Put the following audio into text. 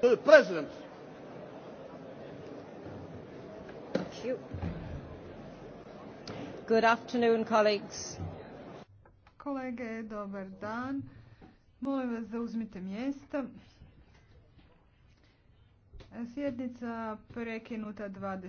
to uh, the president. Good afternoon, colleagues. Kolege, dobar dan. Molim vas da uzmite mjesta. Sjednica prekinuta 20.